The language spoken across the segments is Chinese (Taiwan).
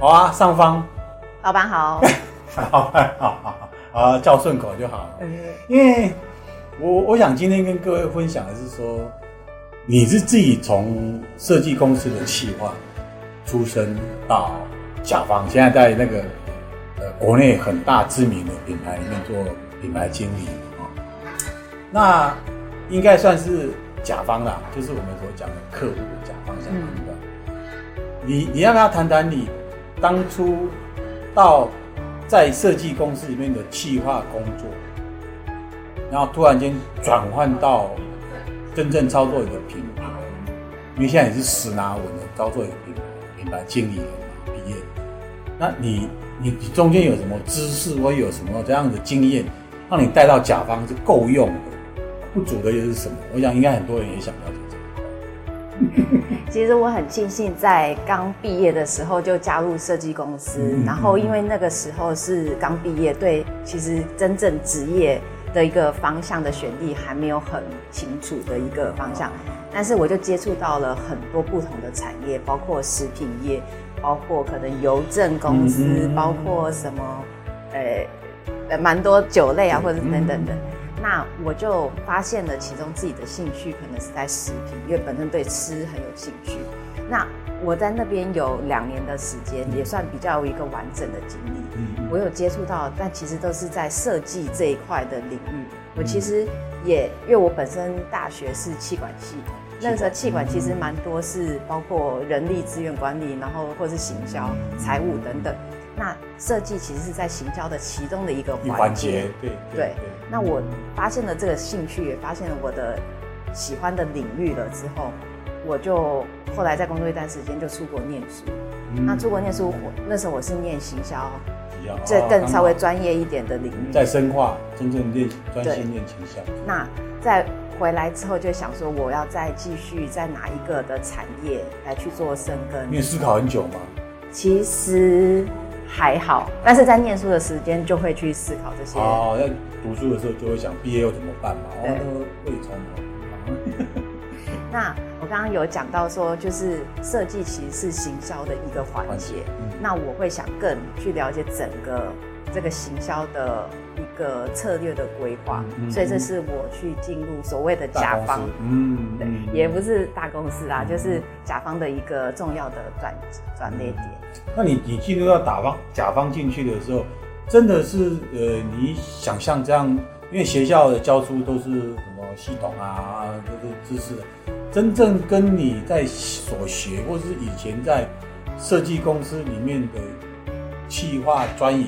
好啊，上方，老板好， 好，好，好好好，叫順口就好了。了、嗯、因為我我想今天跟各位分享的是說，你是自己從設計公司的企劃出身，到甲方現在在那個呃國內很大知名的品牌裡面做品牌經理、嗯、那應該算是甲方啦，就是我們所講的客戶甲方，甲方的。嗯、你你要不要談談你。當初到在設計公司裡面的企劃工作，然後突然間轉換到真正操作一個品牌，因為現在也是十拿穩的操作一個品牌，品牌經理畢業。那你你中間有什麼知識或者有什麼這樣的經驗，讓你帶到甲方是夠用的？不足的又是什麼？我想應該很多人也想要。其實我很慶幸，在剛畢業的時候就加入設計公司，嗯嗯、然後因為那個時候是剛畢業，對，其實真正職業的一個方向的選地還沒有很清楚的一個方向，但是我就接觸到了很多不同的產業，包括食品業，包括可能郵政公司，嗯嗯、包括什麼，呃，蠻多酒類啊，嗯、或者等等的。那我就發現了其中自己的興趣可能是在食品，因為本身對吃很有興趣。那我在那邊有兩年的時間，嗯、也算比較一個完整的經歷。嗯嗯，我有接觸到，但其實都是在設計這一塊的領域。嗯嗯，我其實也，因為我本身大學是企管系的，那時候企管其實蠻多是包括人力資源管理，然後或者是行銷、財務等等。那設計其實是在行銷的其中的一個環節，對對，那我發現了這個興趣，也發現了我的喜歡的領域了之後，我就後來在工作一段時間，就出國念書。嗯、那出國念書，嗯、我那時候我是念行銷，好這更稍微專業一點的領域，剛剛在深化真正練專心念行銷。對對那在回來之後，就想說我要再繼續在哪一個的產業來去做深耕？你思考很久嗎？其實。還好，但是在念書的時間就會去思考這些。哦，哦，在讀書的時候就會想畢業又怎麼辦嘛？對哦，會衝動。 那我剛剛有講到說，就是設計其實是行銷的一個環節。環節嗯、那我會想更去了解整個。這個行銷的一個策略的規劃，嗯、所以這是我去進入所謂的甲方，嗯，對，嗯、也不是大公司啦，嗯、就是甲方的一個重要的轉轉捩點。嗯、那你你進入到打方甲方進去的時候，真的是呃，你想象這樣，因為學校的教書都是什麼系統啊，這個知識，真正跟你在所學或是以前在設計公司裡面的企劃專業。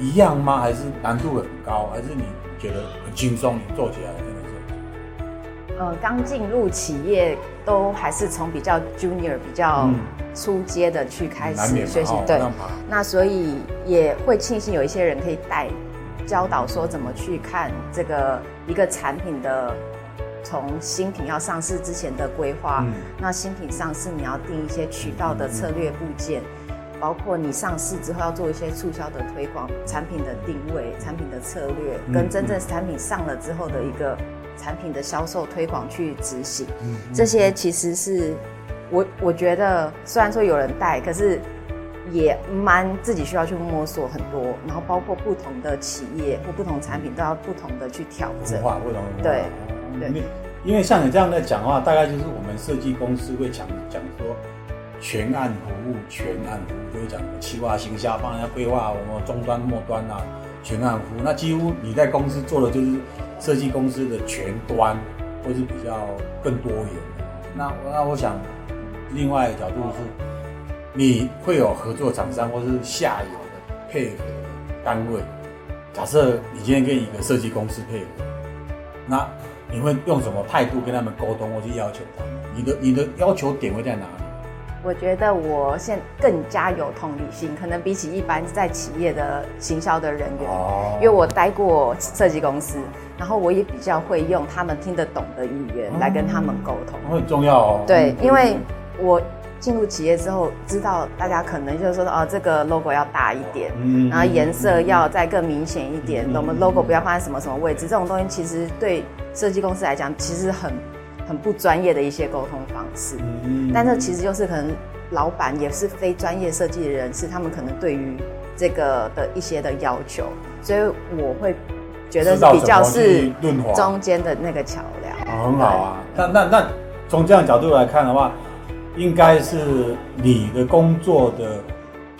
一樣嗎？還是難度很高？還是你覺得很輕鬆？你做起來真的是？呃，剛進入企業都還是從比較 junior、比較初階的去開始學習，對。那所以也會慶幸有一些人可以帶、教導，說怎麼去看這個一個產品的從新品要上市之前的規劃。嗯、那新品上市，你要定一些渠道的策略部件。嗯嗯包括你上市之後要做一些促銷的推廣，產品的定位、產品的策略，跟真正產品上了之後的一個產品的銷售推廣去執行，嗯嗯嗯、這些其實是我我覺得，雖然說有人帶，可是也蠻自己需要去摸索很多。然後包括不同的企業、或不同產品都要不同的去調整。化化對，因為對對因為像你這樣在講的話，大概就是我們設計公司會講講說。全案服務，全案服務，就是講企劃、行銷、幫人家規劃，我們終端、末端啊，全案服務，那幾乎你在公司做的就是設計公司的全端，或是比較更多元的。那那我想，另外一個角度是，你會有合作廠商或是下游的配合單位。假設你今天跟一個設計公司配合，那你會用什麼態度跟他們溝通，或是要求他們？你的你的要求點會在哪裡？我覺得我現在更加有同理心，可能比起一般在企業的行銷的人員，oh. 因為我待過設計公司，然後我也比較會用他們聽得懂的語言來跟他們溝通，很重要哦。對，oh. 因為我進入企業之後，知道大家可能就是說哦、啊，這個 logo 要大一點，oh. 然後顏色要再更明顯一點，oh. 我們 logo 不要放在什麼什麼位置，這種東西其實對設計公司來講其實很。很不專業的一些溝通方式，嗯、但這其實就是可能老板也是非專業設計的人士，是他們可能對於這個的一些的要求，所以我會覺得比較是中間的那個橋梁。好，很好啊，對嗯、那那那從這樣的角度來看的話，應該是你的工作的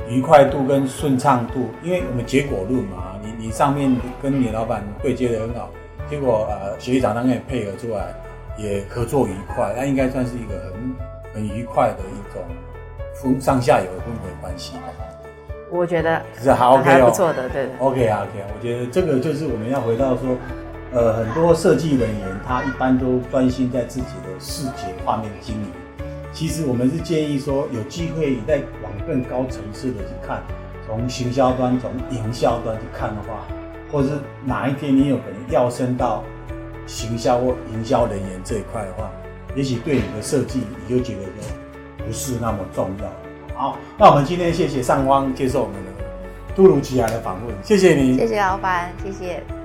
愉快度跟順暢度，因為我們結果論嘛，你你上面跟你老板對接的很好，結果呃學長那邊也配合出來。也合作愉快，那應該算是一個很很愉快的一種，上上下游的氛圍關係。我覺得還是好，OK 哦，還不錯的，對的，OK 哦，okay。我覺得這個就是我們要回到說，呃，很多設計人員他一般都專心在自己的視覺畫面的經營，其實我們是建議說，有機會你再往更高層次的去看，從行銷端、從營銷端去看的話，或者是哪一天你有可能要升到。行銷或營銷人員這一塊的話，也許對你的設計，你就覺得不是那麼重要。好，那我們今天謝謝上方接受我們的突如其來的訪問，謝謝你，謝謝老闆，謝謝。